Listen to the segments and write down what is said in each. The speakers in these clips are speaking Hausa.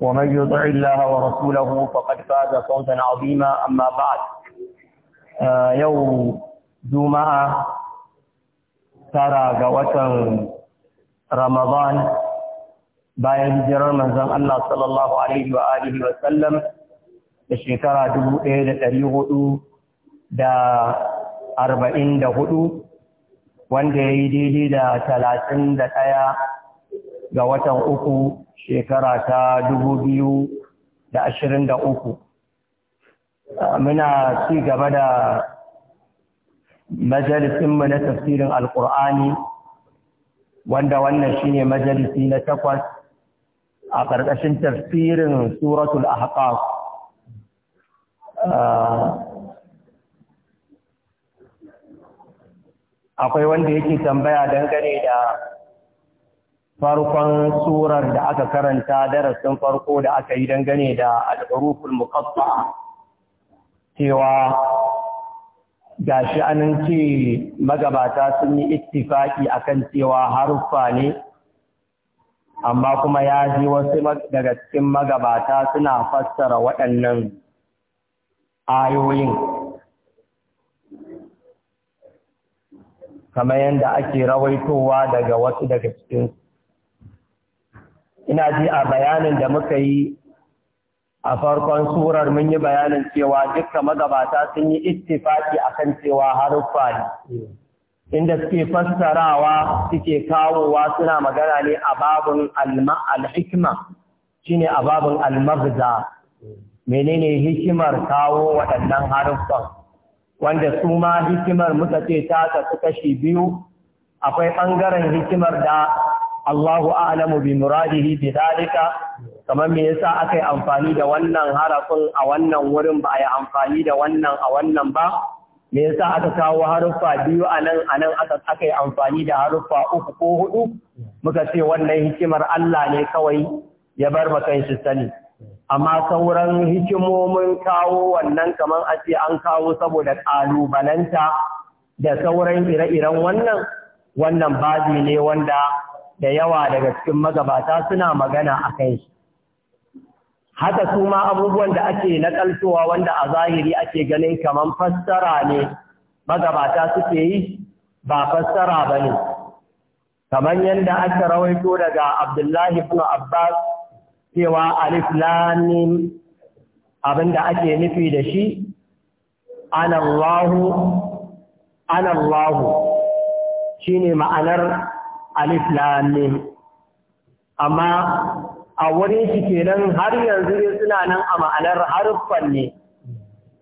ومن يطع الله ورسوله فقد فاز فوزا عظيما أما بعد آه يوم جمعة ترى قوة رمضان bayan hijirar manzon Allah sallallahu alaihi wa alihi wa sallam da shekara hudu wanda ya yi daidai da talatin da ɗaya. ga watan uku shekara ta dubu biyu da ashirin da uku muna ci gaba da majalisinmu na tafsirin Alƙur'ani wanda wannan shine majalisi na takwas a ƙarƙashin tafsirin suratul ahqaf akwai wanda yake tambaya dangane da farkon surar da aka karanta darasin farko da aka yi dangane da al'uruful muqatta cewa gashi anan ce magabata sun yi a kan cewa haruffa ne amma kuma ya ji wasu daga cikin magabata suna fassara waɗannan ayoyin kamar yadda ake rawaitowa daga wasu daga cikinsu ina ji a bayanin da muka yi a farkon surar mun yi bayanin cewa dukkan magabata sun yi ittifaki akan cewa haruffa ne inda suke fassarawa suke kawowa suna magana ne a babun al-hikma shine a babun al Mene menene hikimar kawo waɗannan haruffan wanda su ma hikimar muka ce ta kasu kashi biyu akwai ɓangaren hikimar da Allahu a'lamu bi muradihi bi dalika kamar me yasa aka yi amfani da wannan harafin a wannan wurin ba a yi amfani da wannan a wannan ba me yasa aka kawo harufa biyu a nan a nan aka yi amfani da harufa uku ko hudu muka ce wannan hikimar Allah ne kawai ya bar maka shi sani amma sauran hikimomin kawo wannan kamar a ce an kawo saboda ƙalubalanta da sauran ire-iren wannan wannan babi ne wanda da yawa daga cikin magabata suna magana a kai shi haka su ma abubuwan da ake nakaltowa wanda a zahiri ake ganin kaman fassara ne magabata suke yi ba fassara ba ne kamar yadda aka rawaito daga abdullahi ibn abbas cewa alif lamim abinda ake nufi da shi anallahu anallahu shine ma'anar alif lamim amma a wurin shi kenan har yanzu ne suna nan a ma'anar haruffan ne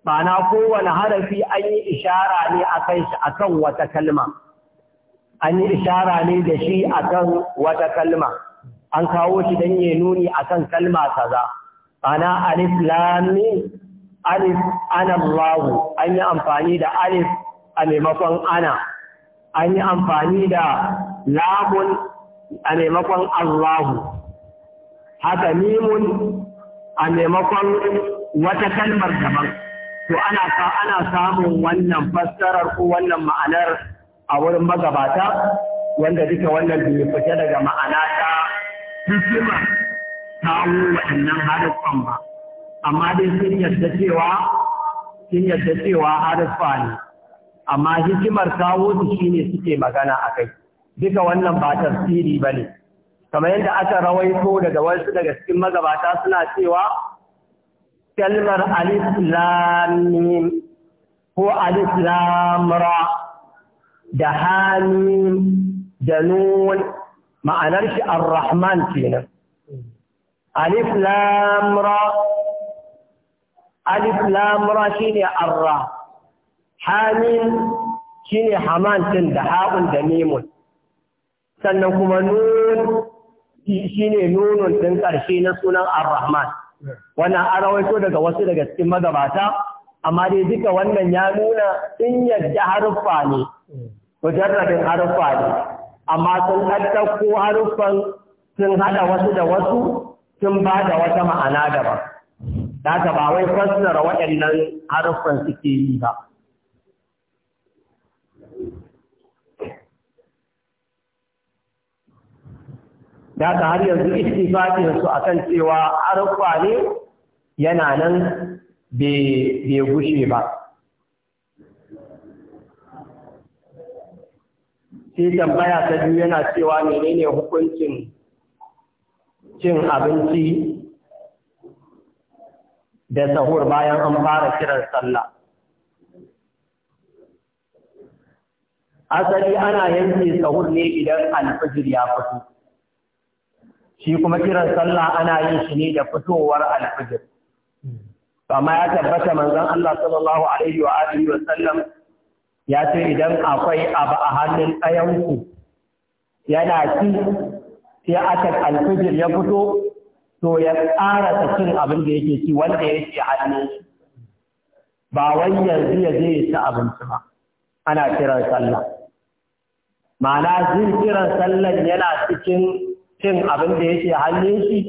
ma'ana kowane harafi an yi ishara ne a kan shi a wata kalma an yi ishara ne da shi a wata kalma an kawo shi don ya nuni akan kalma kaza ma'ana alif lamim alif anallahu an yi amfani da alif a maimakon ana an yi amfani da lamun a maimakon Allahu, haka nimun a maimakon wata kalmar daban. To ana ana samun wannan fassarar ko wannan ma'anar a wurin magabata wanda duka wannan bai fita daga ma'ana ta hikima kawo waɗannan haruffan ba. Amma dai sun yadda cewa sun yadda cewa haruffa ne. amma hikimar kawo su ne suke magana a kai duka wannan ba tafsiri ba ne kamar yadda aka rawaito daga wasu daga cikin magabata suna cewa kalmar alif ko alif da hamim da nun ma'anar shi ar-rahman kenan alif lamura alif lamra shine Hami shine haman din da ha'un da mimun sannan kuma nun shine nunun din ƙarshe na sunan ar-rahman wannan an rawaito daga wasu daga cikin magabata amma dai duka wannan ya nuna in yadda haruffa ne mujarradin haruffa ne amma sun ɗaɗɗauko haruffan sun haɗa wasu da wasu sun ba da wata ma'ana daban. Da ba wai fassara waɗannan haruffan suke yi ba. da ta har yanzu ittifaqin su akan cewa har ne yana nan bai gushe ba sai tambaya ta biyu yana cewa menene hukuncin cin abinci da sahur bayan an fara kiran sallah asali ana yanke sahur ne idan alfajir ya fito shi kuma kiran sallah ana yin shi ne da fitowar alfijir amma ya tabbata manzon Allah sallallahu alaihi wa alihi wa sallam ya ce idan akwai abu a hannun ku yana ci sai aka alfijir ya fito to ya ƙara cin abin da yake ci wanda yake hannun shi ba wai yanzu ya je ya ci abinci ba ana kiran sallah ma'ana jin kiran sallan yana cikin cin abin da yake hannun shi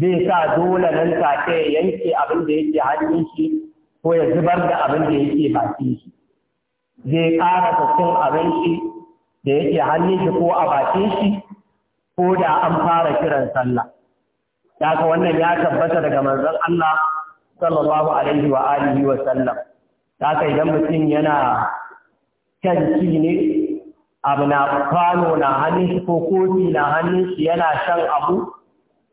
zai sa dole nan take ya yanke abin da yake hannun shi ko ya zubar da abin da yake baki shi zai ƙarasa cin abin shi da yake hannun shi ko a baki shi ko da an fara kiran sallah daga wannan ya tabbata daga manzon Allah sallallahu alaihi wa alihi wa sallam daga idan mutum yana kan ci ne abu na kwano na hannun shi ko kofi na hannun shi yana shan abu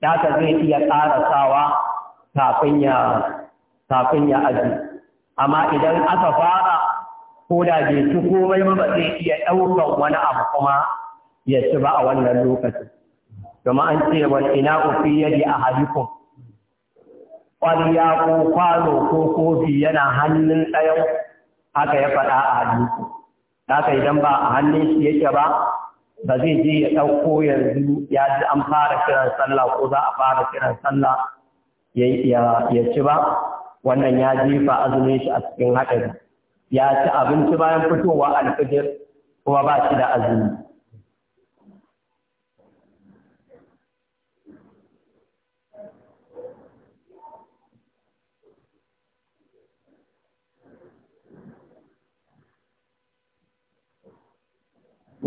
da zai iya tsara sawa ya kafin ya aji amma idan aka fara ko da bai ci komai ba zai iya ɗaukan wani abu kuma ya ci ba a wannan lokacin. kuma an ce wa ina fi yadi ahadikum ƙwarya ko kwano ko kofi yana hannun ɗayan haka ya faɗa a hadisi haka idan ba a hannun shi yake ba ba zai je ya ɗauko yanzu ya ji an fara kiran sallah ko za a fara kiran sallah ya ci ba wannan ya jefa azumin shi a cikin haɗari ya ci abinci bayan fitowa alfijir kuma ba shi da azumi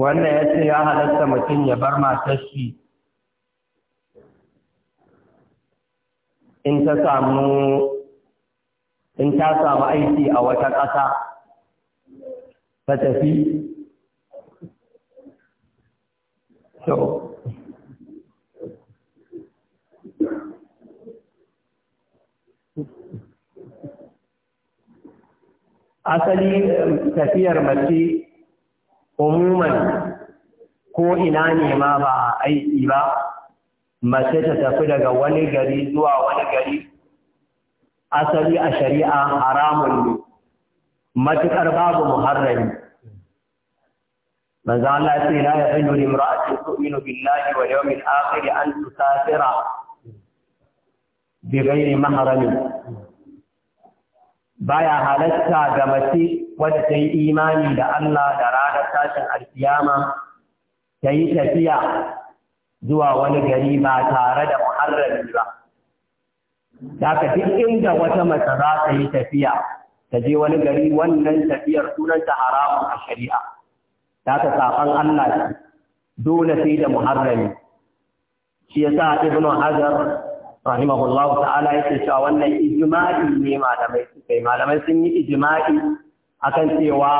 wannan ya ce ya halatta mutum ya bar matar in ta samu in ta samu aiki a wata ƙasa ta tafi so asali eh, tafiyar mace umuman ko ina ne ma ba a aiki ba mace ta tafi daga wani gari zuwa wani gari asali a shari'a haramun ne matuƙar babu muharrami manzo Allah ya ce la ya hillu limra'atin tu'minu billahi wal yawmil akhir an tusafira bi ghairi mahramin baya halatta ga mace wadda ta yi imani da Allah da ranar tashin alfiyama ta yi tafiya zuwa wani gari ba tare da muharrami ba. Daga duk inda wata mace za ta yi tafiya, ta je wani gari wannan tafiyar sunanta haramun a shari'a. Daga saɓan Allah dole sai da muharrami. Shi sa Ibn Hajar rahimahullahu ta'ala yake cewa wannan ijma'i ne malamai suka yi malamai sun yi ijma'i akan cewa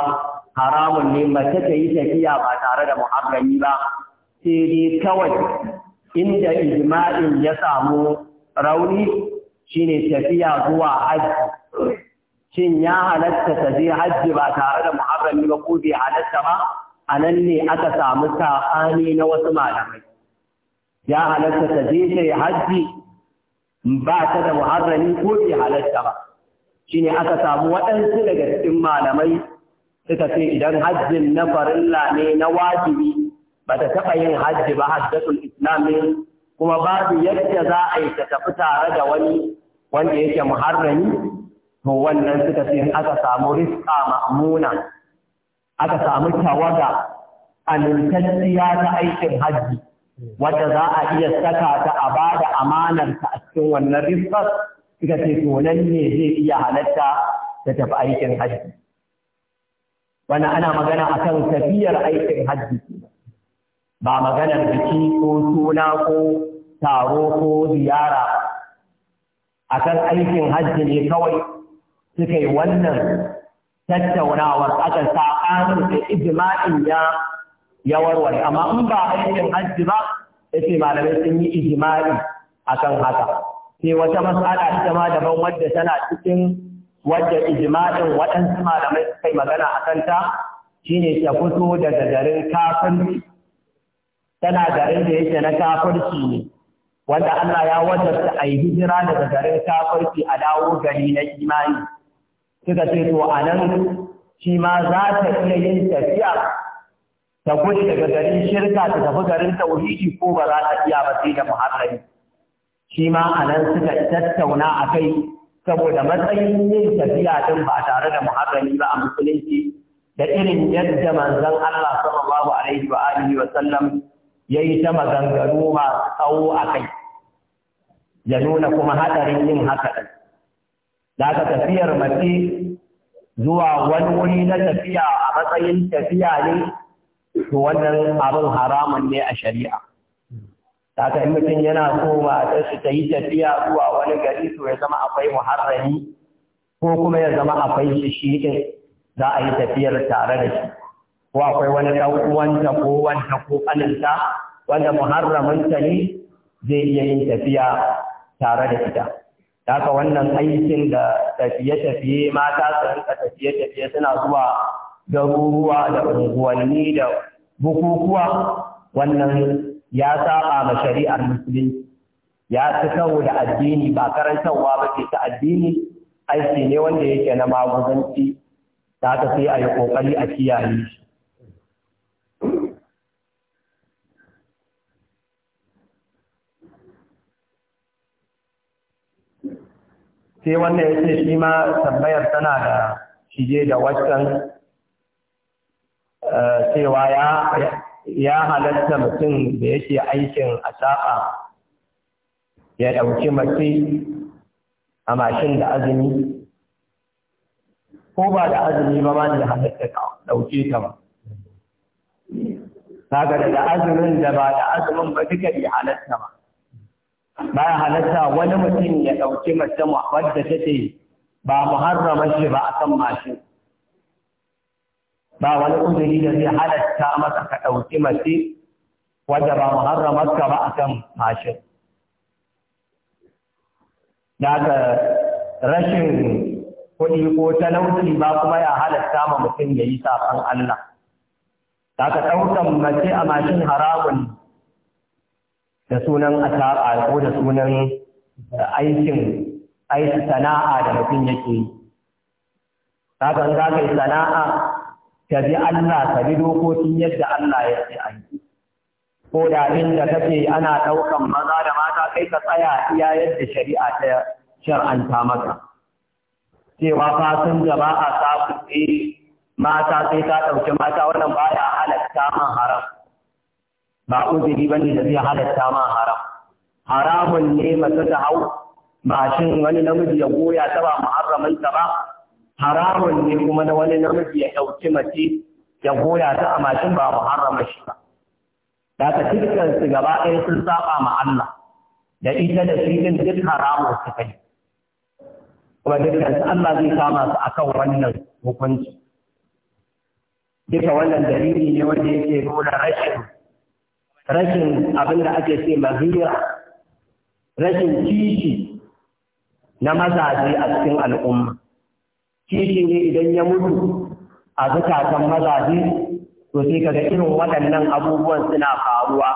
haramun ne mace ta yi tafiya ba tare da muharrami ba sai dai kawai inda ijma'in ya samu rauni shine tafiya zuwa hajji shin ya halatta ta je hajji ba tare da muharrami ba ko bai halatta ba a nan ne aka samu saɓani na wasu malamai ya halatta ta je ta yi hajji ba ta da muharrami ko bai halatta ba shine aka samu waɗansu daga cikin malamai suka ce idan hajjin na farilla ne na wajibi ba ta taɓa yin hajji ba hajjatul islam ne kuma babu yadda za a yi ta tafi tare da wani wanda yake muharrami to wannan suka ce aka samu riska mamuna aka samu tawaga amintacciya ta aikin hajji Wanda za a iya saka ta a ba da amanarta a cikin wannan rifar suka ce to nan ne zai iya halatta ta tafi aikin hajji wani ana magana akan tafiyar aikin hajji ba maganar biki ko suna ko taro ko ziyara akan aikin hajji ne kawai suka yi wannan tattaunawar aka saɓanin da ijma'in ya ya warware amma in ba a aikin hajji ba yace malamai sun yi ijimai akan haka sai wata mas'ala ita ma daban wadda tana cikin wadda ijma'in waɗansu malamai suka yi magana a kanta shine ta fito daga garin kafirci tana garin da yake na kafirci ne wanda Allah ya wajabta a yi hijira daga garin kafirci a dawo gari na imani suka ce to a nan shi ma za ta iya yin tafiya ta gudu daga garin shirka ta tafi garin tauhidi ko ba za ta iya ba sai da muharrami shi ma a nan suka tattauna a kai saboda matsayin yin tafiya din ba tare da muharrami ba a musulunci da irin yadda manzon Allah sallallahu alaihi wa alihi wa sallam yayi ta maganganu ma tsawo a kai ya nuna kuma hadarin yin haka din da ka tafiyar mace zuwa wani wuri na tafiya a matsayin tafiya ne to wannan abin haramun ne a shari'a haka mutum yana so ba ta shi ta yi tafiya zuwa wani gari to ya zama akwai muharrami ko kuma ya zama akwai shi shi za a yi tafiyar tare da shi ko akwai wani ɗan uwanta ko wanta ko ƙaninta wanda ta ne zai iya yin tafiya tare da ita haka wannan aikin da tafiye-tafiye mata su rinka tafiye-tafiye suna zuwa garuruwa da unguwanni da bukukuwa wannan ya saba ma shari'ar musulunci ya ci kawo da addini ba karantarwa ba ke ta addini aiki ne wanda yake na maguzanci ta ka sai a yi kokari a kiyaye shi sai wannan ya ce shi ma tambayar tana da shige da waccan cewa ya halatta mutum da yake aikin asaba ya ɗauki mace a mashin da azumi ko ba da azumi ba ma da halatta ɗauki ta ba kaga da azumin da ba da azumin ba duka bi halatta ba ya halatta wani mutum ya ɗauki mace wadda take ba muharrama shi ba akan mashin ba wani ƙudiri da zai halatta masa ka ɗauki mace wadda ba mu muharramarka ba a akan mashin daga rashin kuɗi ko talauci ba kuma ya halatta ma mutum ya yi saƙon Allah daga ɗaukan mace a mashin haramun da sunan ataƙa ko da sunan aikin aiki sana'a da mutum yake yi. Kaga kakai sana'a ka bi Allah ka bi dokokin yadda Allah ya ce ai ko da inda kake ana ɗaukan maza da mata kai ka tsaya iya yadda shari'a ta shar'anta maka cewa fasin da ba a sabu mata sai ta ɗauki mata wannan baya halatta man haram ba uzuri bane da zai halatta man haram haramun ne mace ta hau shin wani namiji ya goya ta ba muharramin ta ba haramun ne kuma na wani namiji ya ɗauki mace ya goya ta a mashin ba muharrama shi ba daga dukkan su gaba ɗaya sun saba ma Allah da ita da shi din duk haramun su kai kuma dukkan Allah zai kama su akan wannan hukunci duka wannan dalili ne wanda yake nuna rashin rashin abin da ake ce mahira rashin kishi na mazaje a cikin al'umma kishi ne idan ya mutu a zukatan mazaje to sai kaga irin waɗannan abubuwan suna faruwa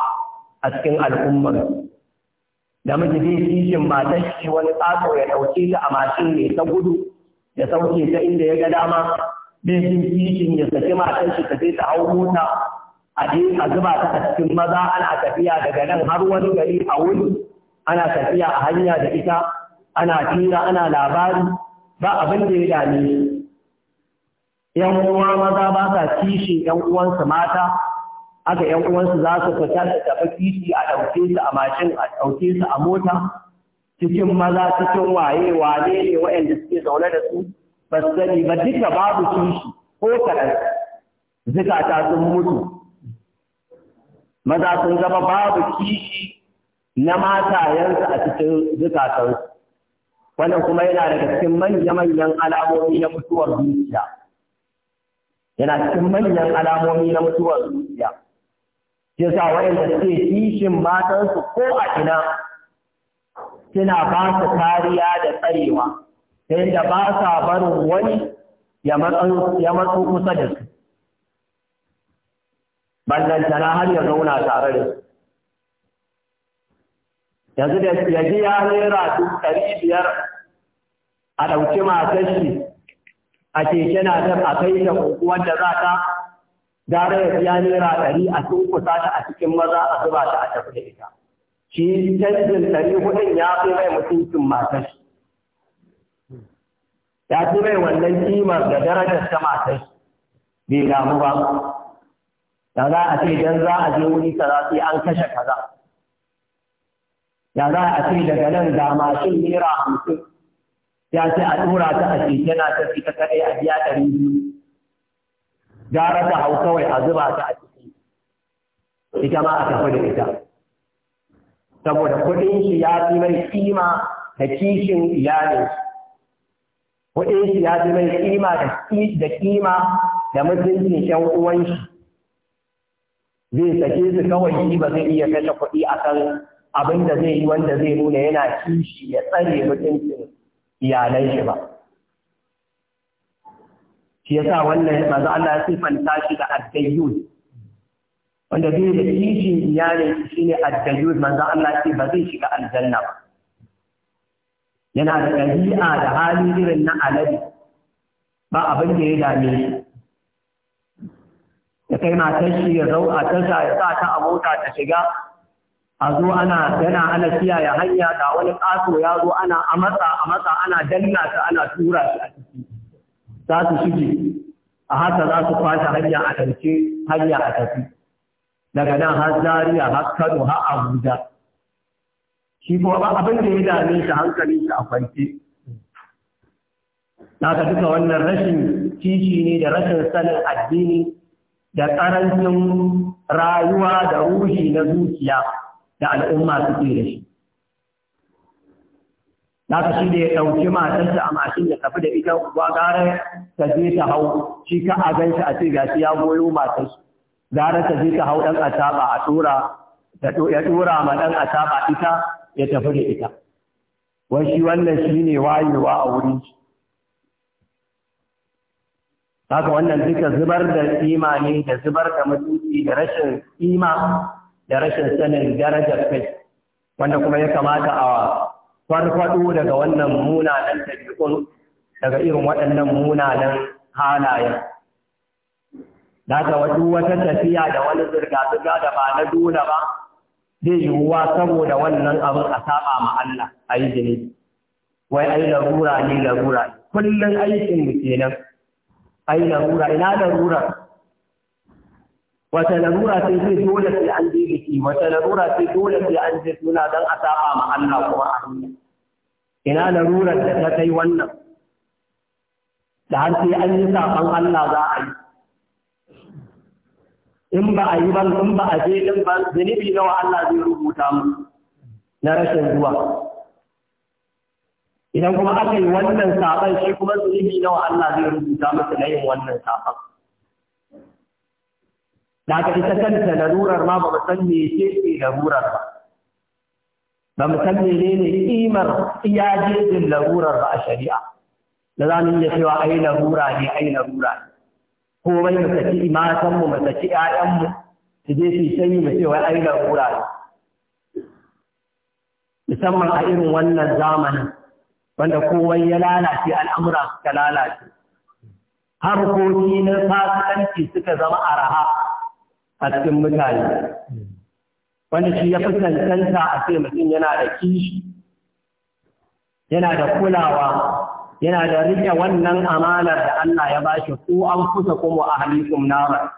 a cikin al'ummar Da muke zai kishin matar shi wani tsatso ya ɗauke ta a mashin ne ta gudu ya sauke ta inda ya ga dama bai jin kishin ya saki matan shi ta je ta hau mota a je a zuba ta a cikin maza ana tafiya daga nan har wani gari a wuri ana tafiya a hanya da ita ana tira ana labari ba abin da ya dame shi ‘yan uwa maza ba sa kishi ‘yan uwansu mata aka ‘yan uwansu za su fita da tafi kishi a ɗauke su a mashin a ɗauke su a mota cikin maza cikin waye wane ne waɗanda suke zaune da su ba su sani ba duka babu kishi ko kaɗan zukata sun mutu maza sun zama babu kishi na matayensu a cikin zukatansu wannan kuma yana daga cikin manya-manyan alamomi na mutuwar zuciya yana cikin manyan alamomi na mutuwar zuciya ke sa wayanda suke kishin matansu ko a ina suna ba su kariya da tsarewa ta yadda ba sa barin wani ya matsu kusa da su tana har ya zauna tare da su yanzu da ya ji ya naira duk ɗari biyar a ɗauki matar shi a keke na ta a kai ta kuku wanda za ta gara ya biya naira ɗari a tunkusa ta a cikin maza a zuba ta a tafi da ita shi canjin ɗari hudun ya fi mai mutuncin matar ya fi mai wannan kimar da darajar ta matar bai damu ba da za a ce don za a je wuri kaza sai an kashe kaza ya za a ce daga nan ga masu naira hamsin ya ce a tura ta a keke yana ta ta kaɗai a biya ɗari biyu gara ta hau kawai a zuba ta a ciki ita ma a tafi da ita saboda kuɗin shi ya fi mai kima da kishin iyalin kuɗin shi ya fi mai kima da kima da mutuncin shan uwan shi zai sake su kawai shi ba zai iya kashe kuɗi a kan abin da zai yi wanda zai nuna yana kishi ya tsare mutuncin iyalan shi ba shi yasa wannan manzo Allah ya sifanta shi da addayyun wanda zai da kishi iyalan shi ne addayyun manzo Allah ya ce ba zai shiga aljanna ba yana da ɗabi'a da hali irin na alade ba abin da ya dame shi ya kai matar shi ya zau a tasha ya sa ta a mota ta shiga a zo ana yana ana kiyaye hanya da wani kaso ya zo ana a matsa a matsa ana danna ta ana tura shi a ciki za su shige a haka za su kwashe hanya a ɗauke hanya a tafi daga nan har Zariya har kano har abuja shi kuma abin da ya dame shi hankalin shi a kwance Na ka duka wannan rashin kishi ne da rashin sanin addini da ƙarancin rayuwa da ruhi na zuciya da al'umma suke da shi Naka shi da ya ɗauki matarsa a mashin da tafi da ita ba gara ta je ta hau shi ka a ganshi a ce gashi ya goyo matarsa gara ta je ta hau ɗan a tura ya tura ma ɗan asaba ita ya tafi da ita wai shi wannan shi ne wayewa a wurin shi haka wannan duka zubar da imani da zubar da mutunci da rashin ima da rashin sanin darajar kai wanda kuma ya kamata a farfado daga wannan munanan tabi'un daga irin waɗannan munanan halayen daga wata wata tafiya da wani zirga-zirga da ba na dole ba zai yiwuwa saboda wannan abin a saba ma Allah a yi jini wai ai larura ne larura kullum aikin mu kenan ai larura ina larura wata larura ce zai dole sai an je biki wata larura ce dole sai an je suna don a saba ma Allah kuma a hanya ina larurar da ta kai wannan da har sai an yi saban Allah za a yi in ba a yi ban in ba a je din ban zunubi nawa Allah zai rubuta mu na rashin zuwa idan kuma aka yi wannan saban shi kuma zunubi nawa Allah zai rubuta musu na yin wannan saban da aka ita kanta larurar ma ba mu san me ce ce larurar ba ba mu san menene kimar iyajejin larurar ba a shari'a da za mu iya cewa ai larura ne ai larura ne komai mu saki imatanmu mu saki ƴaƴanmu su je su yi sanyi mu cewa ai larura ne musamman a irin wannan zamanin wanda kowai ya lalace al'amura suka lalace harkoki na fasikanci suka zama araha a cikin mutane wanda shi ya fi a ce mutum yana da kishi yana da kulawa yana da riƙe wannan amanar da Allah ya bashi ko an kusa kuma a halikun nama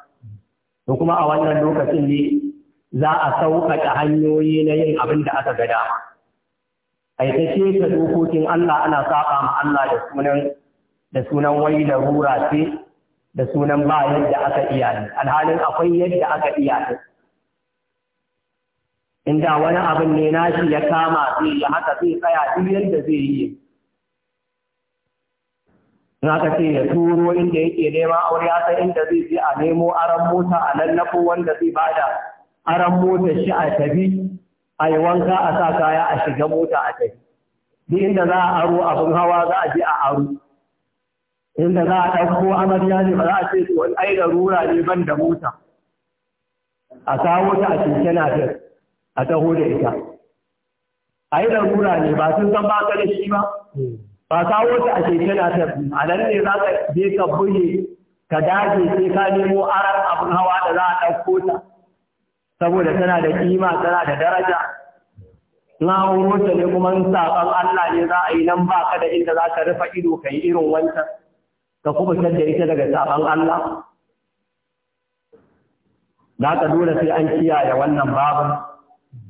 da kuma a wannan lokacin ne za a sauƙaƙa hanyoyi na yin abin da aka gada aikace ta dokokin Allah ana saƙa ma Allah da sunan da sunan ce da sunan ba yadda aka iya alhalin akwai yadda aka iya inda wani abin ne nashi ya kama zai yi haka zai tsaya duk yadda zai yi na ka ce ya turo inda yake nema aure ya inda zai je a nemo aran mota a lallafo wanda zai bada aran mota shi a tafi a yi wanka a sa kaya a shiga mota a tafi duk inda za a aro abin hawa za a je a aro inda za a ɗauko amarya ne ba za a ce to ai da rura ne ban da mota a kawo ta a keke na a taho da ita ai rura ne ba sun san baka da shi ba ba kawo ta a keke na a nan ne za ka je ka buge ka dace sai ka nemo aran abin hawa da za a ɗauko ta saboda tana da kima tana da daraja na wuro ta ne kuma saban Allah ne za a yi nan ba ka da inda za ka rufe ido ka yi irin wancan ka kuma da ita daga sabon Allah da ka dole sai an kiyaye wannan babin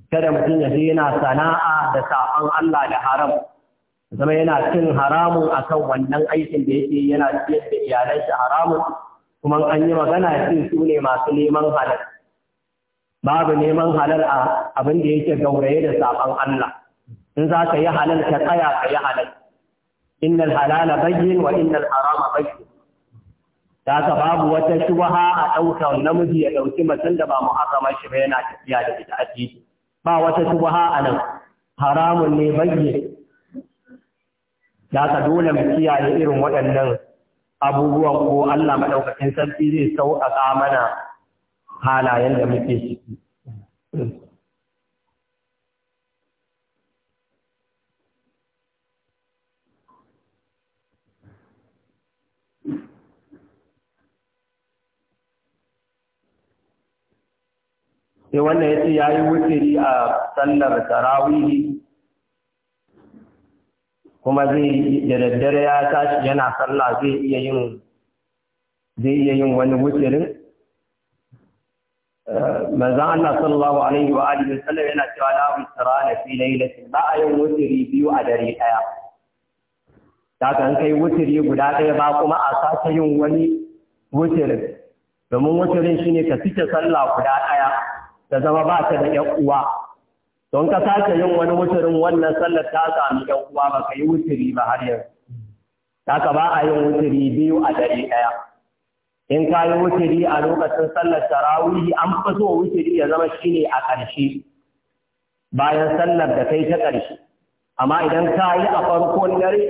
kada mutum ya yana sana'a da sabon Allah da haram zama yana cin haramun akan wannan aikin da yake yana ciyar da iyalan shi haramun kuma an yi magana shi sune masu neman halal babu neman halal a abin da yake gauraye da sabon Allah in za ka yi halal ka tsaya ka yi halal innal halala bayyin wa innal harama bayyin ta ka babu wata shubha a ɗaukar namiji ya ɗauki macen da ba muharrama shi ba yana tafiya da ita ba wata shubha a nan haramun ne bayyin da ka dole mu kiyaye irin waɗannan abubuwan ko Allah maɗaukakin sarki zai sauƙaƙa mana halayen da muke ciki. sai wannan ya ce ya yi wuturi a sallar tarawihi kuma zai da daddare ya tashi yana sallah zai iya yin zai iya yin wani wuturin eh, manzon Allah sallallahu alaihi wa alihi sallam yana cewa la wutrana fi lailatin ba a yin wuturi biyu a dare daya da kan kai wuturi guda daya ba kuma a sake yin wani wuturin domin wuturin shine ka fice sallah guda daya ta zama ba ta da ‘yan uwa. Don ka sake yin wani wuturin wannan sallar ta sami ‘yan uwa ba ka yi wuturi ba har yanzu. Taka ba a yin wuturi biyu a dare ɗaya. In ka yi wuturi a lokacin sallar tarawihi an fi so wuturi ya zama shi ne a ƙarshe bayan sallar da kai ta ƙarshe. Amma idan ka yi a farkon dare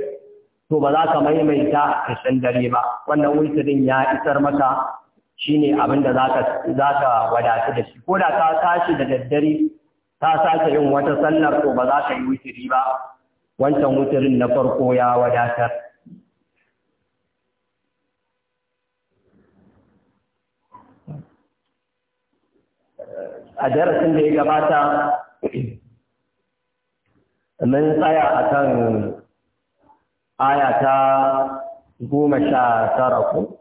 to ba za ka maimaita ƙarshen dare ba wannan wuturin ya isar maka Shi ne abin da za ka wadatu da shi ko da ta tashi da daddare ta sake yin wata sallar ko ba za ka yi wutiri ba wancan wutirin na farko ya wadatar a darasin da ya gabata mun tsaya a kan aya ta goma sha tara ko?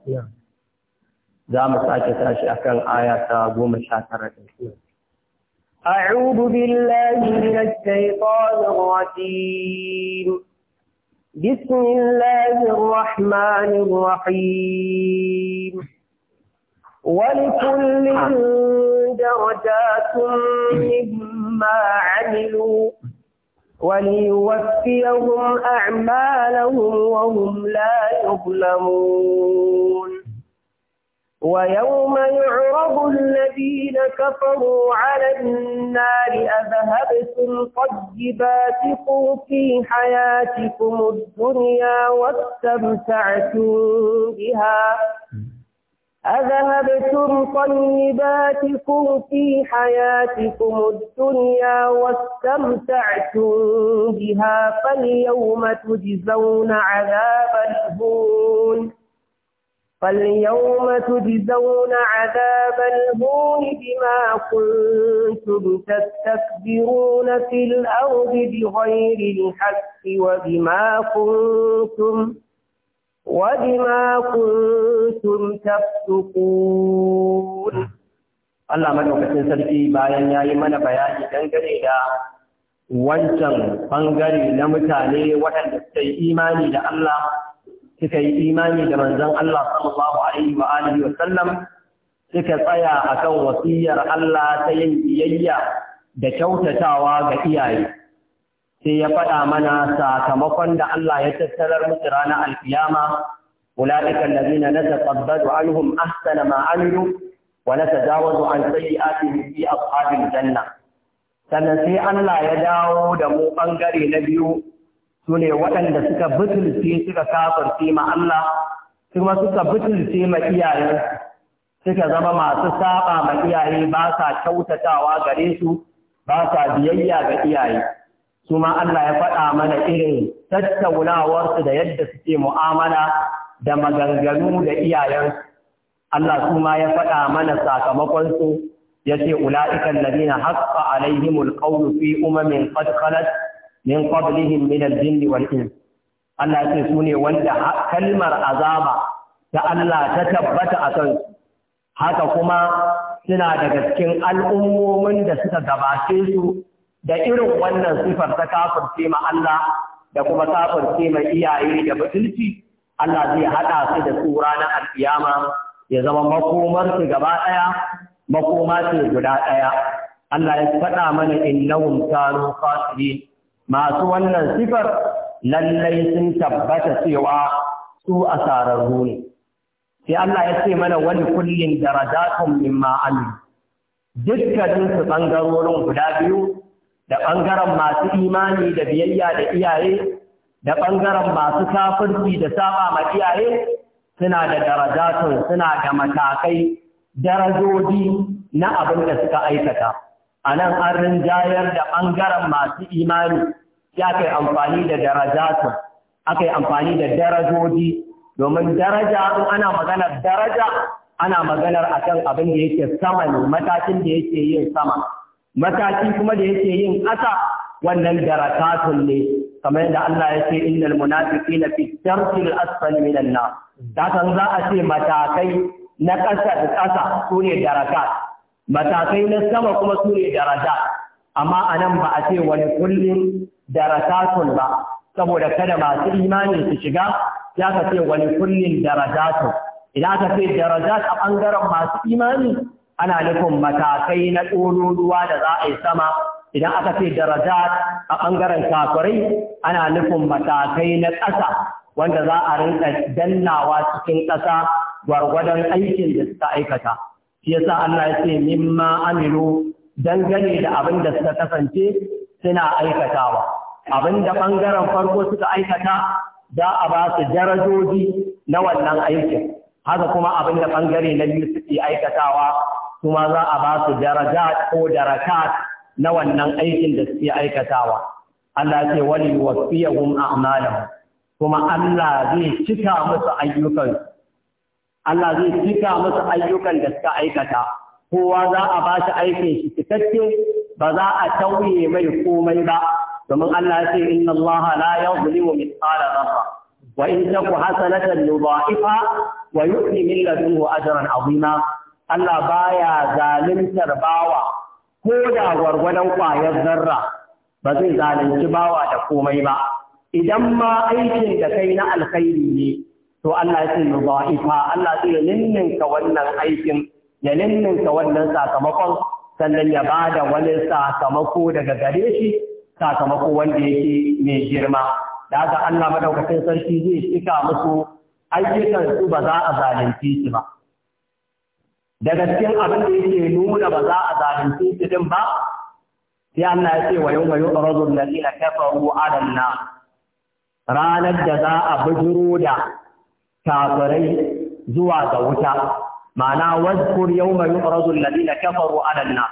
za mu sake tashi akan aya ta goma sha tara ɗin. أعوذ بالله من الشيطان الرجيم بسم الله الرحمن الرحيم ولكل درجات مما عملوا وليوفيهم أعمالهم وهم لا يظلمون ويوم يعرض الذين كفروا على النار أذهبتم طيباتكم في حياتكم الدنيا واستمتعتم بها أذهبتم طيباتكم في حياتكم الدنيا واستمتعتم بها فاليوم تجزون عذاب الهون فاليوم تجزون عذاب الهون بما كنتم تستكبرون في الأرض بغير الحق وبما كنتم وبما كنتم تفسقون Allah madaukakin sarki bayan ya yi mana bayani dangane da wancan bangare na mutane waɗanda suka yi imani da Allah suka yi imani da manzon Allah sallallahu alaihi wa alihi wa sallam suka tsaya akan wasiyar Allah ta yin biyayya da kyautatawa ga iyaye sai ya faɗa mana sakamakon da Allah ya tattalar musu ranar alkiyama أولئك الذين نتقبل عنهم أحسن ما عملوا ونتجاوز عن سيئاتهم في أصحاب الجنة sannan sai Allah ya dawo da mu ɓangare na biyu su ne waɗanda suka butulce suka kafarce ma Allah kuma suka butulce ma iyaye, suka zama masu saba ma iyaye ba sa kyautatawa gare su ba sa biyayya ga iyaye su ma Allah ya faɗa mana irin tattaunawarsu da yadda suke mu'amala da maganganu da iyayensu Allah su ma ya faɗa mana sakamakonsu ya ce ula'ikan ladina haqqa alaihimul qawlu fi umamin qad min qablihim min al-jinn wal ins Allah ya ce su ne wanda kalmar azaba ta Allah ta tabbata a kansu haka kuma suna daga cikin al'ummomin da suka gabace su da irin wannan sifar ta kafirce ma Allah da kuma kafirce ma iyaye da mutunci, Allah zai haɗa su da su ranar alkiyama ya zama makomar su gaba ɗaya makoma ce guda ɗaya Allah ya faɗa mana innahum kanu khasirin masu wannan sifar lallai sun tabbata cewa su a sararru ne sai Allah ya ce mana wani kullin darajatun mimma amin dukkanin su bangarorin guda biyu da bangaren masu imani da biyayya da iyaye da bangaren masu kafirci da saba ma iyaye suna da darajatun suna da matakai darajoji na abin da suka aikata a nan an rinjayar da ɓangaren masu imani ya kai amfani da darajatun aka yi amfani da darajoji domin daraja in ana maganar daraja ana maganar a akan abin da yake sama ne matakin da yake yin sama mataki kuma da yake yin ƙasa wannan darakatun ne kamar yadda Allah ya ce innal munafiqina fi darkil asfali minan nar da kan za a ce matakai na ƙasa da ƙasa sune darakat matakai na sama kuma su ne daraja amma a nan ba a ce wani kullum darasatun ba saboda kada masu imani su shiga ya ka ce wani kullum darajatun idan aka ce daraja a ɓangaren masu imani ana nufin matakai na ruwa da za a yi sama idan aka ce daraja a ɓangaren kafirai ana nufin matakai na ƙasa wanda za a rinka dannawa cikin ƙasa gwargwadon aikin da suka aikata yasa Allah ya ce mimma amilu dangane da abin da suka kasance suna aikatawa abin da bangaren farko suka aikata za a ba su darajoji na wannan aikin haka kuma abin da bangare na biyu suke aikatawa kuma za a ba su daraja ko darakat na wannan aikin da suke aikatawa Allah ce wali wasiyahum a'malahum kuma Allah zai cika musu ayyukansu Allah zai cika musu ayyukan da suka aikata kowa za a ba shi aikin shi cikakke ba za a tauye mai komai ba domin Allah ya ce inna Allah la yuzlimu mithqala dharra wa in taku hasanatan yudha'ifa wa yu'ti min ladunhu ajran 'azima Allah baya zaluntar bawa ko da gwargwadon kwayar zarra ba zai zalunci bawa da komai ba idan ma aikin da kai na alkhairi ne to Allah ya ce yudha'ifa Allah ya ninninka wannan aikin ya ninninka wannan sakamakon sannan ya ba da wani sakamako daga gare shi sakamako wanda yake mai girma da haka Allah madaukakin sarki zai cika musu ayyukan su ba za a zalunci shi ba daga cikin abin da yake nuna ba za a zalunci shi din ba sai Allah ya ce wa yawma yu'radu ladina kafaru 'ala ranar da za a bujuro da kafirai zuwa ga wuta ma'ana wazkur yawma yu'radu alladhina kafaru 'ala an-nar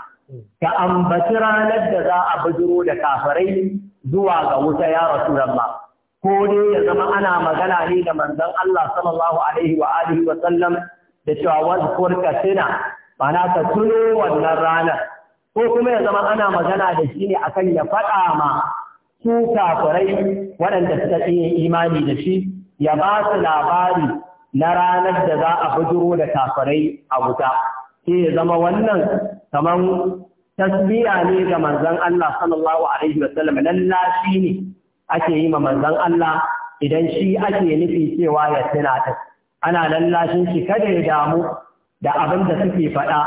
ka ambaci ranar da za a bijiro da kafirai zuwa ga wuta ya rasulullah ko dai ya zama ana magana ne da manzon Allah sallallahu alaihi wa alihi wa sallam da cewa wazkur ma'ana ka tuno wannan ranar ko kuma ya zama ana magana da shi ne akan ya faɗa ma su kafirai waɗanda suka tsaye imani da shi ya ba su labari na ranar da za a bujiro da kafirai a wuta sai ya zama wannan kamar tasbiya ne ga manzon Allah sallallahu alaihi wasallam lallashi ne ake yi ma manzon Allah idan shi ake nufi cewa ya tuna ta ana lallashin shi kada ya damu da abin da suke faɗa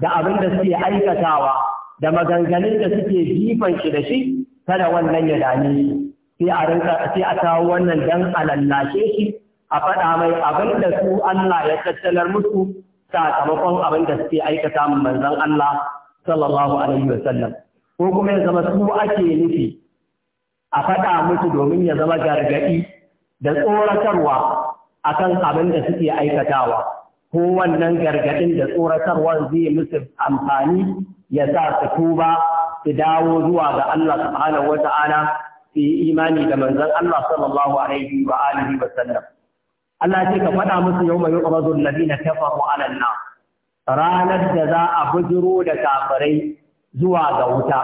da abin da suke aikatawa da maganganun da suke jifan shi da shi kada wannan ya dame shi sai a rinka sai a kawo wannan dan alallashe shi a faɗa mai abin da su Allah ya tattalar musu sakamakon abin da suke aikata min manzon Allah sallallahu alaihi wasallam ko kuma ya zama su ake nufi a faɗa musu domin ya zama gargaɗi da tsoratarwa akan abinda da suke aikatawa. ko wannan gargaɗin da tsoratarwa zai musu amfani ya sa su tuba su dawo zuwa ga Allah subhanahu wata'ala su yi imani da manzon Allah sallallahu alaihi wa alihi wa sallam Allah ce ka faɗa musu yau mai yuqradu alladhina kafaru ala ranar da za a bujiro da kafirai zuwa ga wuta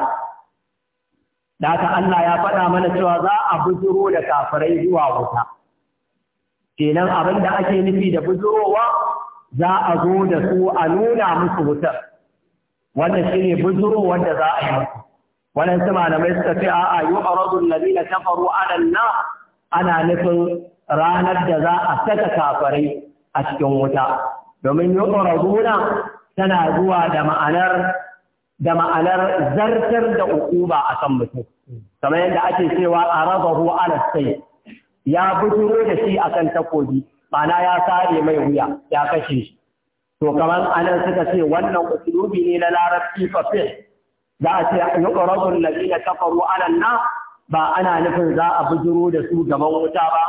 da haka Allah ya faɗa mana cewa za a bujiro da kafirai zuwa wuta kenan abin da ake nufi da bujirowa za a zo da su a nuna musu wutar wannan shine bujirowar wanda za a yi musu wannan su malamai suka ce a yu'radu alladhina kafaru 'ala an-nar ana nufin ranar da za a saka kafarai a cikin wuta domin yu'raduna tana zuwa da ma'anar zartar da ukuba akan mutum kamar yadda ake cewa a arabahu 'ala sai, ya bujuro da shi akan takobi ma'ana ya sare mai wuya ya kashe shi to kamar anan suka ce wannan usulubi ne na larabci fafil za a ce yuqrabul ladina kafaru ala na ba ana nufin za a bujuro da su gaban wuta ba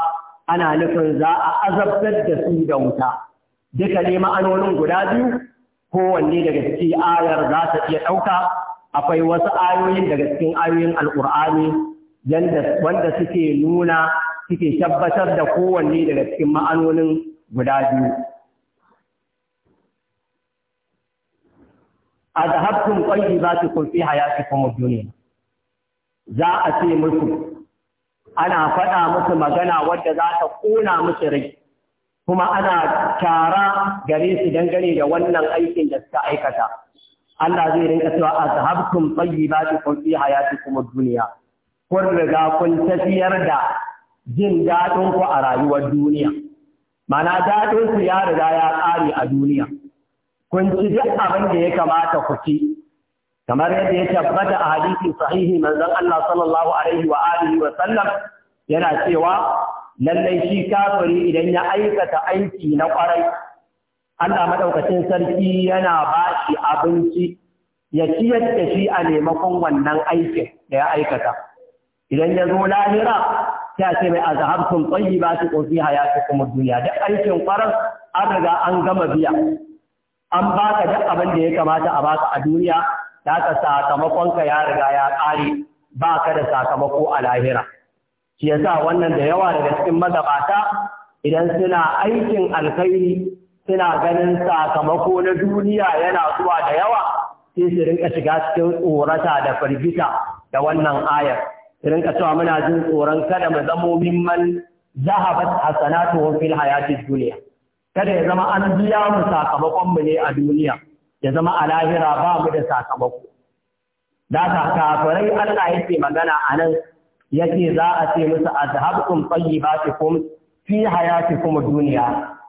ana nufin za a azabtar da su da wuta duka ne ma'anonin guda biyu kowanne daga cikin ayar za ta iya ɗauka akwai wasu ayoyin daga cikin ayoyin alƙur'ani wanda suke nuna suke tabbatar da kowanne daga cikin ma'anonin guda biyu adhabtum tayyibatikum fi hayatikum ad-dunya za a ce musu. ana faɗa musu magana wadda za ta ƙona musu rai kuma ana tara gare su dangane da wannan aikin da suka aikata Allah zai rinka cewa azhabtum tayyibatikum fi hayatikum ad-dunya kun riga kun tafiyar da jin daɗin ku a rayuwar duniya Ma'ana daɗin ku ya riga ya ƙare a duniya kun ci duk abin da ya kamata ku ci kamar yadda ya tabbata a hadisi sahihi manzon Allah sallallahu alaihi wa alihi wa sallam yana cewa lallai shi kafiri idan ya aikata aiki na kwarai Allah madaukakin sarki yana ba shi abinci ya ci yadda shi a maimakon wannan aikin da ya aikata idan ya zo lahira ta ce mai azhabtum tayyibatu ya hayatikum kuma dunya da aikin kwarar an riga an gama biya an baka duk abin da ya kamata a baka a duniya da ka sakamakonka ya riga ya ƙare ba ka da sakamako a lahira shi yasa wannan da yawa daga cikin magabata idan suna aikin alkhairi suna ganin sakamako na duniya yana zuwa da yawa sai su rinka shiga cikin tsorata da firgita da wannan ayar su rinka cewa muna jin tsoron kada mu zamo mimman zahabat hasanatu fil hayatid duniya kada ya zama an biya mu sakamakon mu ne a duniya ya zama a lahira ba mu da sakamako da ta kafirai Allah yake magana a nan yake za a ce musu azhabtum tayyibatikum fi hayatikum duniya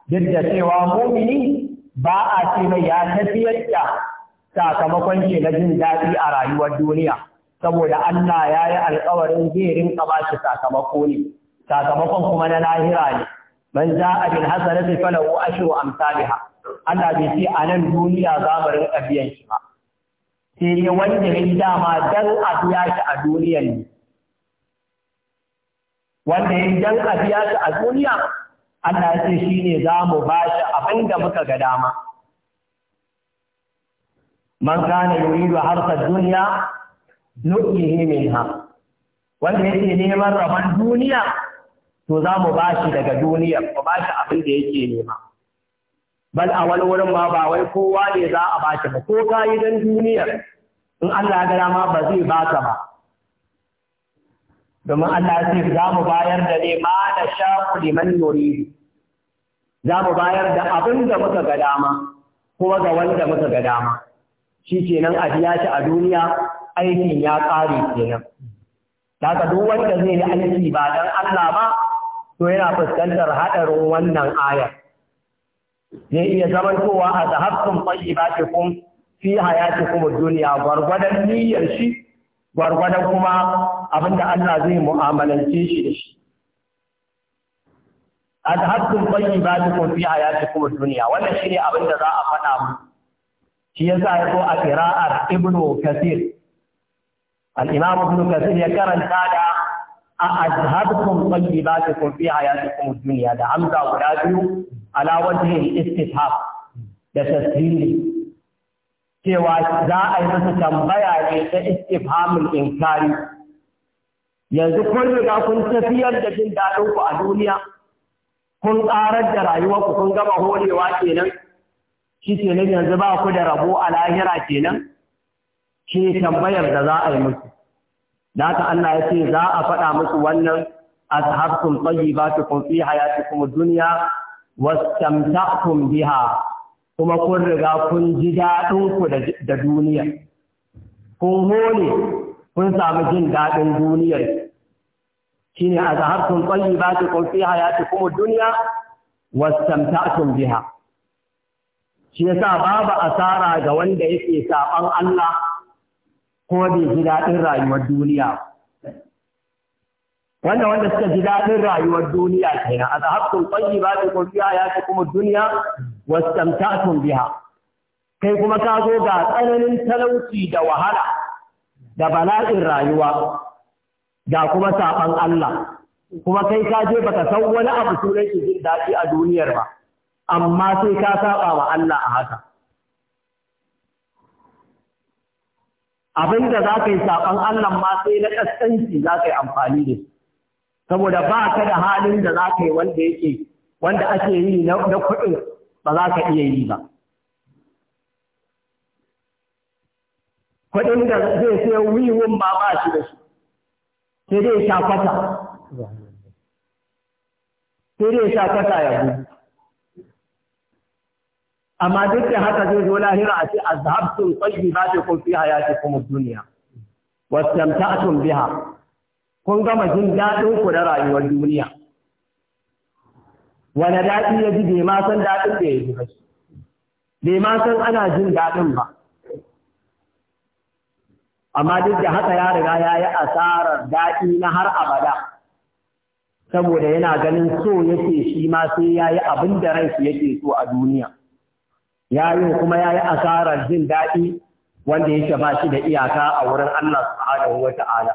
duk da cewa mumini ba a ce mai ya tafiyar da sakamakon ke na jin daɗi a rayuwar duniya saboda Allah ya yi alkawarin zai rinka ba shi sakamako ne sakamakon kuma na lahira ne man za'a bil hasanati falahu ashru amsalha Allah bai ce a nan duniya za mu rinka biyan shi ba sai ya wanda ya dama dan a biya shi a duniyan ne wanda ya dan a biya shi a duniya Allah ya ce shi ne za mu ba shi abin da muka ga dama man kana yuridu harsa duniya nu'ihi minha wanda yake neman rabon duniya to za mu ba shi daga duniyar mu ba shi abin da yake nema bal a wani wurin ma ba wai kowa ne za a ba shi ba ko ka yi don duniyar in Allah ga ma ba zai ba ka ba domin Allah ya ce za mu bayar da ne ma da shafu liman yuri za mu bayar da abin da muka ga dama ko ga wanda muka ga dama shi kenan a biya shi a duniya aikin ya ƙare kenan. Daga duk wanda zai yi aiki ba don Allah ba, to yana fuskantar haɗarin wannan ayar. Zai iya zamantowa a zahabtun kun fi kuma duniya gwargwadon niyyar shi gwargwadon kuma abinda Allah zai mu'amalance shi da shi. A zahabtun kun fi kuma duniya wannan shine abinda za a faɗa mu. Shi ya sa ya zo a qira'ar Ibn Kathir. Al-Imam Ibn Kathir ya karanta da a azhabtum tayyibatikum fi hayatikum dunya da hamza guda biyu ala wajhi istithab da tasdili cewa za a yi masa tambaya ne ta istifhamul inkari yanzu kun riga kun tafiyar da jin daɗin ku a duniya kun ƙarar da rayuwar ku kun gama horewa kenan shi kenan yanzu ba ku da rabo a lahira kenan Ke tambayar da za a yi musu da haka Allah ya ce za a faɗa musu wannan azhabtum tayyibatukum fi hayatikum ad-dunya wastamta'tum biha kuma kun riga kun ji daɗin ku da duniya kun ne kun samu jin daɗin duniyar shine azhabtum tayyibatukum fi hayatikum ad-dunya wastamta'tum biha shi yasa babu asara ga wanda yake saban Allah ko bai ji daɗin rayuwar duniya wannan wanda suka ji daɗin rayuwar duniya kenan a zahabtun ƙwanyi ba ta kun ya ce kuma duniya wasu biha kai kuma ka zo ga tsananin talauci da wahala da bala'in rayuwa da kuma saɓan Allah kuma kai ka je baka san wani abu sunan shi jin daɗi a duniyar ba amma sai ka saɓa wa Allah a haka abin da za ka yi saɓon Allah ma sai na ƙasƙanci za ka yi amfani da su, Saboda ba ka da halin da za ka yi wanda yake wanda ake yi na kuɗin ba za ka iya yi ba. Kuɗin da zai sayo wiwun ma ba shi da shi, sai dai sha kwata. Sai dai sha ya gudu. amma duk da haka zai zo lahira a ce azhabtum tayyibatikum fi kum dunya wastamta'tum biha kun gama jin daɗin ku da rayuwar duniya wani daɗi ya ji bai ma san daɗin da ya ji ba bai ma san ana jin daɗin ba amma duk da haka ya riga ya yi asarar daɗi na har abada saboda yana ganin so yake shi ma sai ya yi abin da ranki yake so a duniya ya yi kuma ya yi asarar jin daɗi wanda yake ba shi da iyaka a wurin Allah subhanahu wa ta'ala.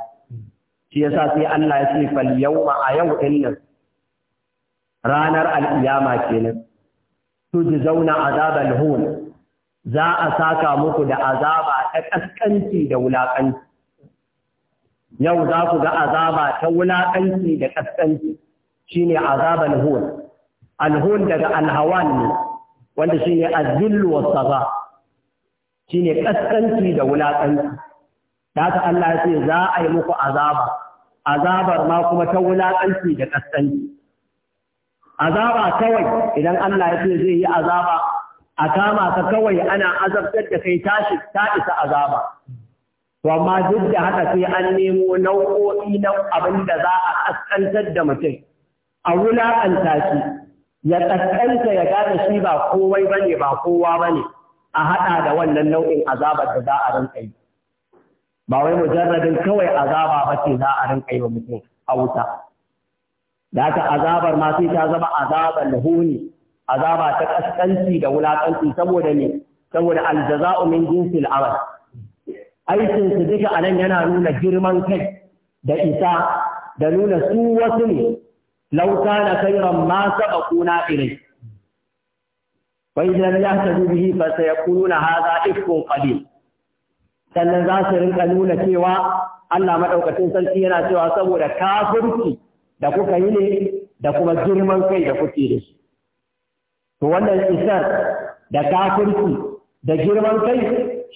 Shi yasa sai Allah ya ce fal yawma a yau din nan ranar al'iyama kenan. Tujzauna azabal hun za a saka muku da azaba ta kaskanci da wulakanci. Yau za ku ga azaba ta wulakanci da kaskanci shine azabal hun. Alhun daga alhawan ne. wanda shine azillu shi shine kaskanci da wulakanci ta Allah ya ce za a yi muku azaba azabar ma kuma ta wulaƙanci da kaskanci azaba kawai idan Allah ya ce zai yi azaba a kama ka kawai ana azabtar da kai tashi ta isa azaba to amma duk da haka sai an nemo nau'o'i na abin da za a ƙasƙantar da mutum a wulaƙanta. shi ya tsakanta ya gane shi ba kowai bane ba kowa bane a haɗa da wannan nau'in azabar da za a rinka yi ba wai mujarradin kawai azaba ba ce za a rinka yi wa mutum a wuta da haka azabar ma sai ta zama azabar lahuni azaba ta kaskanci da wulakanci saboda ne saboda aljaza'u min jinsil amal aikin su duka anan yana nuna girman kai da isa da nuna su wasu ne لو كان خيرا ما سبقونا إليه وإذا لم يهتدوا به فسيقولون هذا إفك قليل sannan za su rinka nuna cewa Allah maɗaukacin sarki yana cewa saboda kafirci da kuka yi ne da kuma girman kai da kuke da shi. To wannan isar da kafirci da girman kai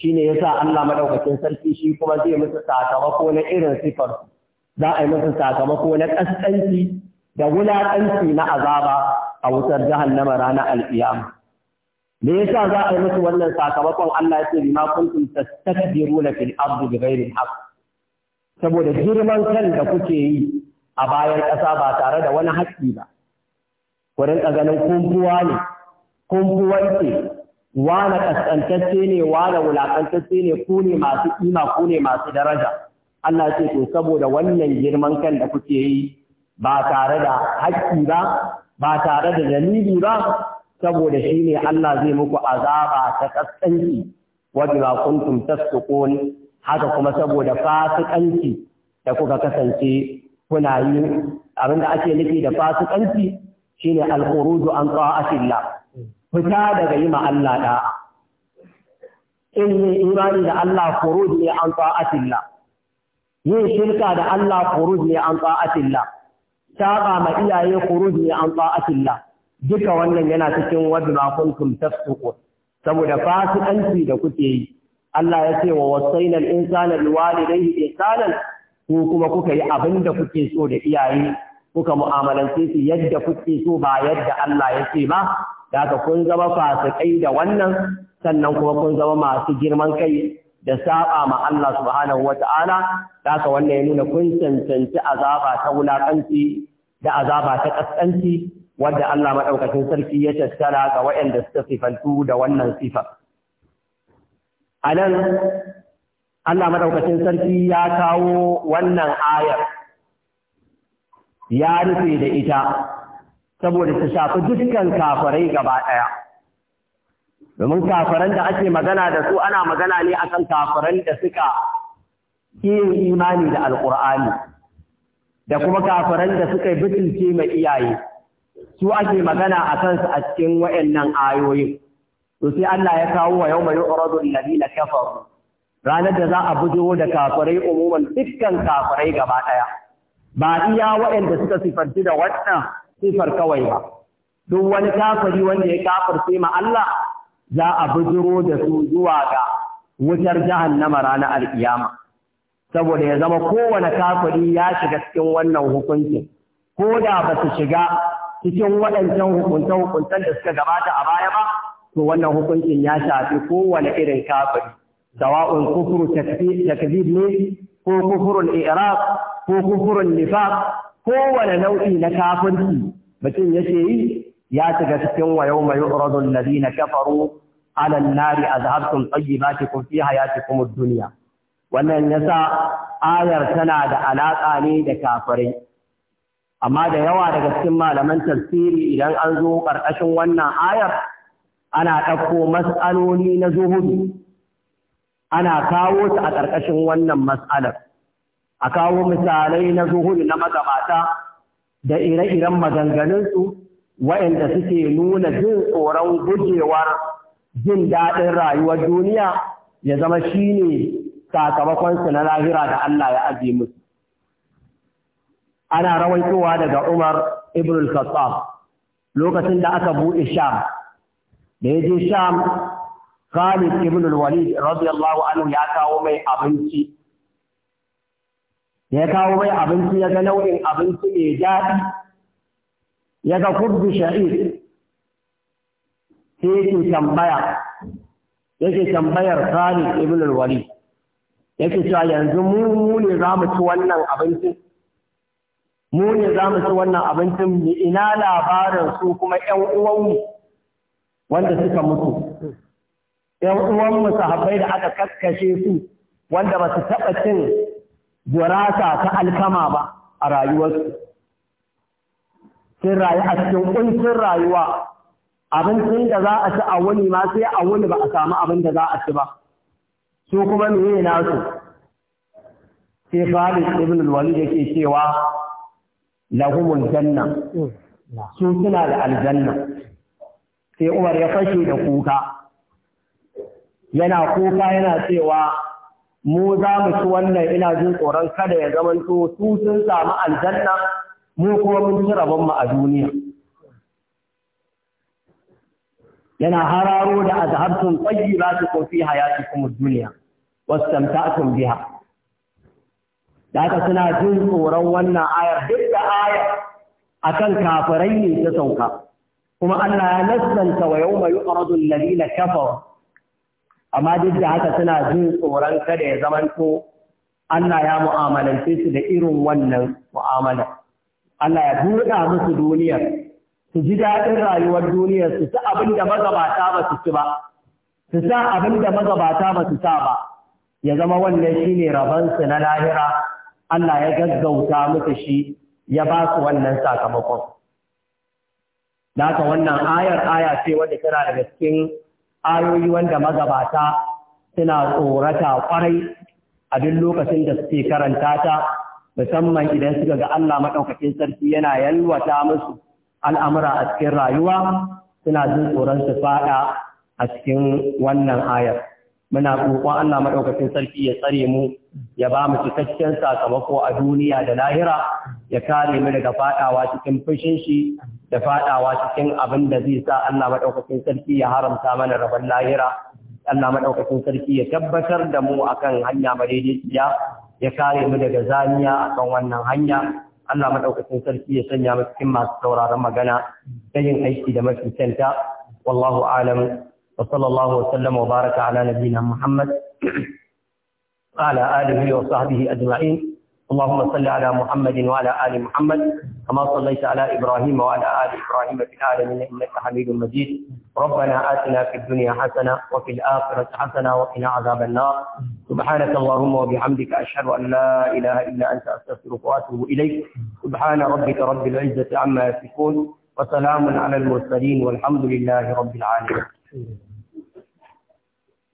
shine yasa ya sa Allah maɗaukacin sarki shi kuma zai musu sakamako na irin sifar za a yi musu sakamako na ƙasƙanci da wulaƙanci na azaba a wutar jahannama ranar alƙiyama me yasa za a yi musu wannan sakamakon Allah ya ce bima kuntum tastakbiruna fil ardi bighairi haqq saboda girman kan da kuke yi a bayan ƙasa ba tare da wani haƙƙi ba ku rinka ganin kumbuwa ne kumbuwanci wane kaskantacce ne wane wulaƙantacce ne ku ne masu kima ku ne masu daraja Allah ce to saboda wannan girman kan da kuke yi ba tare da haƙƙi ba ba tare da dalili ba saboda shi ne Allah zai muku azaba ta kaskanci wadda ba kuntum tasdiqun haka kuma saboda fasikanci da kuka kasance kuna yi abinda ake nufi da fasikanci shi al-khuruju an ta'atillah fita daga yi ma Allah da'a in yi imani da Allah khuruj ne an ta'atillah yin shirka da Allah khuruj ne an ta'atillah saba ma iyaye khuruji an ta'atillah duka wannan yana cikin wadda kuntum tafsuqu saboda fasikanci da kuke yi Allah ya ce wa wasainal insana biwalidayhi ihsanan ku kuma kuka yi abin da kuke so da iyaye kuka mu'amalance su yadda kuke so ba yadda Allah ya ce ba da kun zama fasikai da wannan sannan kuma kun zama masu girman kai da saba ma Allah subhanahu ta'ala haka wannan ya nuna kun cancanci azaba ta wulakanci da azaba ta kaskanci wadda Allah madaukakin sarki ya tattara ga waɗanda suka sifantu da wannan sifa a nan Allah madaukakin sarki ya kawo wannan ayar ya rufe da ita saboda ta shafi dukkan kafirai gaba ɗaya domin kafiran da ake magana da su ana magana ne akan kafiran da suka yin imani da Alƙur'ani, da kuma kafiran da suka butulce mai iyaye su ake magana a kansu a cikin wayannan ayoyin to sai Allah ya kawo wa yawma yu'radu na kafaru ranar da za a bujo da kafarai umuman dukkan kafarai gaba ɗaya, ba iya wayanda suka sifanci da wannan sifar kawai ba duk wani kafiri wanda ya kafirce ma Allah za a bijiro da su zuwa ga wutar jahannama ranar alkiyama saboda ya zama kowane kafiri ya shiga cikin wannan hukuncin ko da ba su shiga cikin waɗancan hukunce-hukuncen da suka gabata a baya ba to wannan hukuncin ya shafi kowane irin kafiri sawa'un kufuru takzib ne ko kufurun iraq ko kufurun nifaq kowane nau'i na kafirci mutum yake yi ya shiga cikin wa yawma yu'radu alladhina kafaru ala an-nari azhabtum tayyibatikum fi hayatikum kuma duniya. wannan yasa ayar tana da alaƙa ne da kafirai amma da yawa daga cikin malaman tafsiri idan an zo ƙarƙashin wannan ayar ana ɗauko mas'aloli na zuhudu ana kawo su a ƙarƙashin wannan mas'alar a kawo misalai na zuhudu na magabata da ire-iren maganganunsu wa'inda suke nuna jin tsoron gujewar jin daɗin rayuwar duniya ya zama shi ne sakamakonsu na lahira da Allah ya aje musu. Ana rawaitowa daga Umar Ibn al lokacin da aka buɗe Sham, da ya je Sham, Khalid Ibn al-Walid radiyallahu anhu ya kawo mai abinci. Ya kawo mai abinci ya ga nau'in abinci mai daɗi ya ga kubbi sha'ir sai yake tambaya yake tambayar Khalid ibn al-Walid yake cewa yanzu mu ne za mu ci wannan abincin mu ne za mu ci wannan abincin mu ina labarin su kuma ƴan uwanmu wanda suka mutu ƴan uwanmu sahabbai da aka kakkashe su wanda ba su taɓa cin gurasa ta alkama ba a rayuwarsu sun rayu a cikin ƙunshin rayuwa abincin da za a ci a wuni ma sai a wuni ba a samu abin da za a ci ba su kuma meye nasu sai Khalid ibn alwali da yake cewa lahumul janna su suna da aljanna sai Umar ya fashe da kuka yana kuka yana cewa mu za mu ci wannan ina jin tsoron kada ya zamanto su sun samu aljanna mu kuma mun ci rabon mu a duniya yana hararo da azhabtum tayyibatukum fi hayatikum ad-dunya wastamta'tum biya. da haka suna jin tsoron wannan ayar duk da ayar akan kafirai ne ta sauka kuma Allah ya nassanta wa yawma yuqradu alladhina kafaru amma duk da haka suna jin tsoron kada ya zamanto Allah ya mu'amalance su da irin wannan mu'amala Allah ya buɗa musu duniyar su ji daɗin rayuwar duniyar su ta abinda magabata ba su ci ba su sa abin magabata ba su sa ba ya zama wannan shine rabansu na lahira Allah ya gaggauta musu shi ya ba su wannan sakamakon da wannan ayar aya ce wadda tana daga cikin ayoyi wanda magabata suna tsorata kwarai a duk lokacin da suke karanta ta musamman idan suka ga Allah maɗaukakin sarki yana yalwata musu al'amura a cikin rayuwa suna jin tsoron su faɗa a cikin wannan ayar. Muna roƙon Allah maɗaukakin sarki ya tsare mu, ya ba mu cikakken sakamako a duniya da lahira, ya kare mu daga faɗawa cikin fushin shi da faɗawa cikin abin da zai sa Allah maɗaukakin sarki ya haramta mana rabon lahira. Allah maɗaukakin sarki ya tabbatar da mu akan hanya madaidaiciya ya kare mu daga zaniya a kan wannan hanya Allah madaukakin sarki ya sanya mu cikin masu sauraron magana da yin aiki da mafi kyanta wallahu alam wa sallallahu wa sallam wa baraka ala nabiyina Muhammad ala alihi wa sahbihi ajma'in اللهم صل على محمد وعلى آل محمد كما صليت على إبراهيم وعلى آل إبراهيم في العالمين إنك حميد مجيد ربنا آتنا في الدنيا حسنة وفي الآخرة حسنة وقنا عذاب النار سبحانك اللهم وبحمدك أشهد أن لا إله إلا أنت أستغفرك وأتوب إليك سبحان ربك رب العزة عما يصفون وسلام على المرسلين والحمد لله رب العالمين